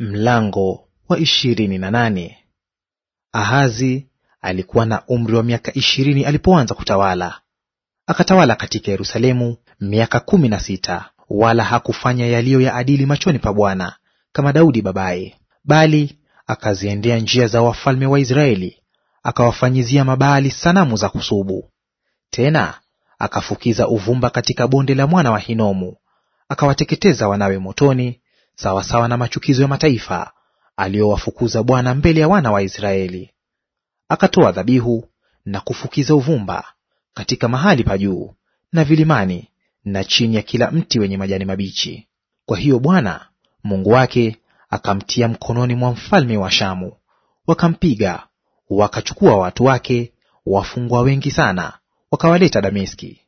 Mlango wa ishirini na nane. Ahazi alikuwa na umri wa miaka ishirini alipoanza kutawala, akatawala katika Yerusalemu miaka kumi na sita. Wala hakufanya yaliyo ya adili machoni pa Bwana kama Daudi babaye, bali akaziendea njia za wafalme wa Israeli, akawafanyizia mabaali sanamu za kusubu. Tena akafukiza uvumba katika bonde la mwana wa Hinomu, akawateketeza wanawe motoni sawasawa na machukizo ya mataifa aliyowafukuza Bwana mbele ya wana wa Israeli. Akatoa dhabihu na kufukiza uvumba katika mahali pa juu na vilimani na chini ya kila mti wenye majani mabichi. Kwa hiyo Bwana Mungu wake akamtia mkononi mwa mfalme wa Shamu, wakampiga wakachukua watu wake wafungwa wengi sana, wakawaleta Dameski.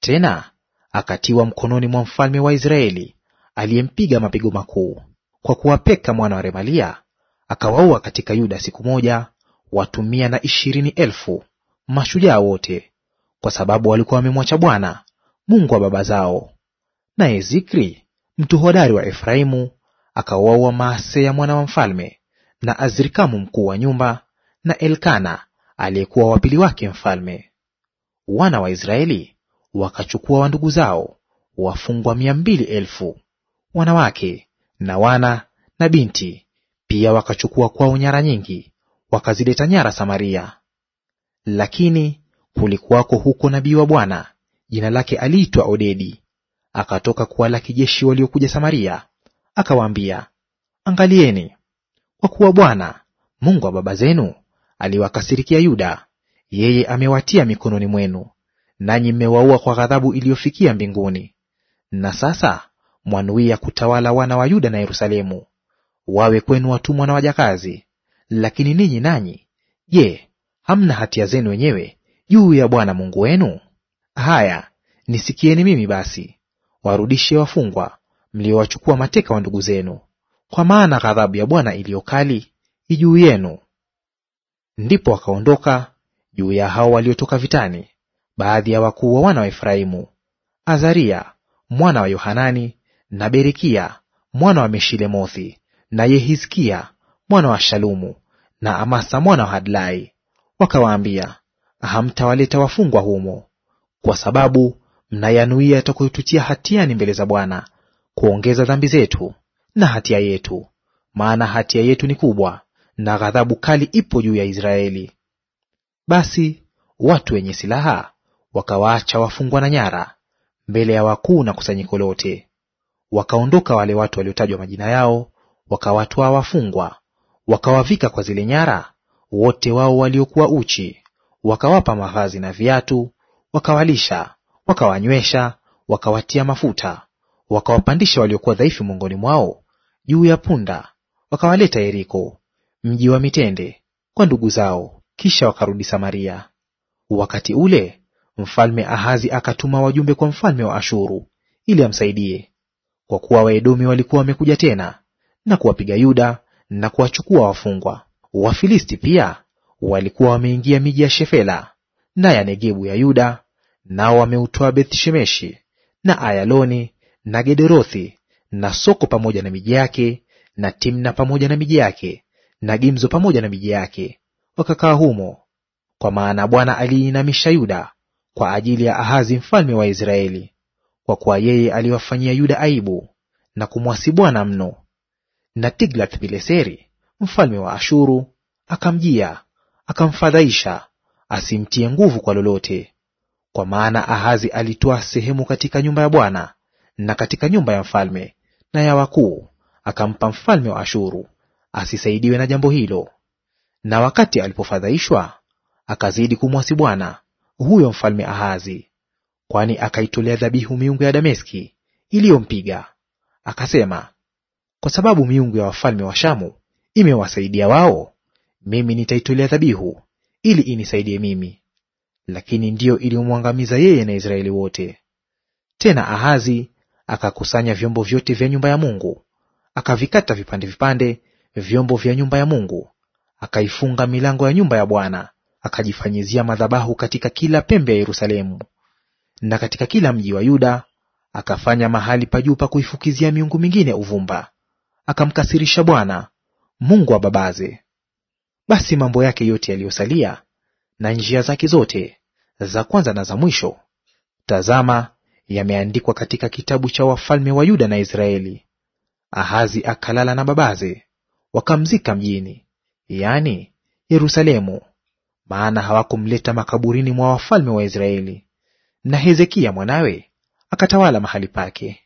Tena akatiwa mkononi mwa mfalme wa Israeli aliyempiga mapigo makuu, kwa kuwapeka mwana wa Remalia akawaua katika Yuda siku moja watu mia na ishirini elfu mashujaa wote, kwa sababu walikuwa wamemwacha Bwana Mungu wa baba zao. Naye Zikri mtu hodari wa Efraimu akawaua Maaseya mwana wa mfalme na Azrikamu mkuu wa nyumba na Elkana aliyekuwa wapili wake mfalme. Wana wa Israeli wakachukua wa ndugu zao wafungwa mia mbili elfu wanawake na wana na binti pia wakachukua kwao nyara nyingi, wakazileta nyara Samaria. Lakini kulikuwako huko nabii wa Bwana, jina lake aliitwa Odedi, akatoka kuwalaki jeshi waliokuja Samaria, akawaambia, Angalieni, kwa kuwa Bwana Mungu wa baba zenu aliwakasirikia Yuda, yeye amewatia mikononi mwenu, nanyi mmewaua kwa ghadhabu iliyofikia mbinguni. Na sasa mwanuia kutawala wana wa Yuda na Yerusalemu, wawe kwenu watumwa na wajakazi. Lakini ninyi nanyi, je, hamna hatia zenu wenyewe juu ya Bwana Mungu wenu? Haya, nisikieni mimi basi. Warudishe wafungwa mliowachukua mateka wa ndugu zenu, kwa maana ghadhabu ya Bwana iliyo kali juu yenu. Ndipo wakaondoka juu ya hao waliotoka vitani, baadhi ya wakuu wa wana wa Efraimu, Azaria mwana wa Yohanani na Berekia mwana wa Meshilemothi, na Yehizkia mwana wa Shalumu, na Amasa mwana wa Hadlai, wakawaambia, hamtawaleta wafungwa humo, kwa sababu mnayanuia yatakayotutia hatiani mbele za Bwana, kuongeza dhambi zetu na hatia yetu, maana hatia yetu ni kubwa, na ghadhabu kali ipo juu ya Israeli. Basi watu wenye silaha wakawaacha wafungwa na nyara mbele ya wakuu na kusanyiko lote, Wakaondoka wale watu waliotajwa majina yao, wakawatwa wafungwa, wakawavika kwa zile nyara wote wao waliokuwa uchi, wakawapa mavazi na viatu, wakawalisha, wakawanywesha, wakawatia mafuta, wakawapandisha waliokuwa dhaifu miongoni mwao juu ya punda, wakawaleta Yeriko, mji wa mitende, kwa ndugu zao. Kisha wakarudi Samaria. Wakati ule mfalme Ahazi akatuma wajumbe kwa mfalme wa Ashuru ili amsaidie kwa kuwa Waedomi walikuwa wamekuja tena na kuwapiga Yuda na kuwachukua wafungwa. Wafilisti pia walikuwa wameingia miji ya Shefela na ya Negebu ya Yuda, nao wameutoa Bethshemeshi na Ayaloni na Gederothi na Soko pamoja na miji yake na Timna pamoja na miji yake na Gimzo pamoja na miji yake, wakakaa humo, kwa maana Bwana aliinamisha Yuda kwa ajili ya Ahazi mfalme wa Israeli kwa kuwa yeye aliwafanyia Yuda aibu na kumwasi Bwana mno. Na Tiglath-Pileseri mfalme wa Ashuru akamjia akamfadhaisha, asimtie nguvu kwa lolote, kwa maana Ahazi alitoa sehemu katika nyumba ya Bwana na katika nyumba ya mfalme na ya wakuu, akampa mfalme wa Ashuru asisaidiwe na jambo hilo. Na wakati alipofadhaishwa, akazidi kumwasi Bwana huyo mfalme Ahazi kwani akaitolea dhabihu miungu ya Dameski iliyompiga. Akasema, kwa sababu miungu ya wafalme wa Shamu imewasaidia wao, mimi nitaitolea dhabihu ili inisaidie mimi. Lakini ndiyo iliyomwangamiza yeye na Israeli wote. Tena Ahazi akakusanya vyombo vyote vya nyumba ya Mungu, akavikata vipande vipande vyombo vya nyumba ya Mungu, akaifunga milango ya nyumba ya Bwana, akajifanyizia madhabahu katika kila pembe ya Yerusalemu na katika kila mji wa Yuda akafanya mahali pa juu pa kuifukizia miungu mingine uvumba, akamkasirisha Bwana Mungu wa babaze. Basi mambo yake yote yaliyosalia na njia zake zote za kwanza na za mwisho, tazama, yameandikwa katika kitabu cha wafalme wa Yuda na Israeli. Ahazi akalala na babaze, wakamzika mjini, yaani Yerusalemu, maana hawakumleta makaburini mwa wafalme wa Israeli na Hezekia mwanawe akatawala mahali pake.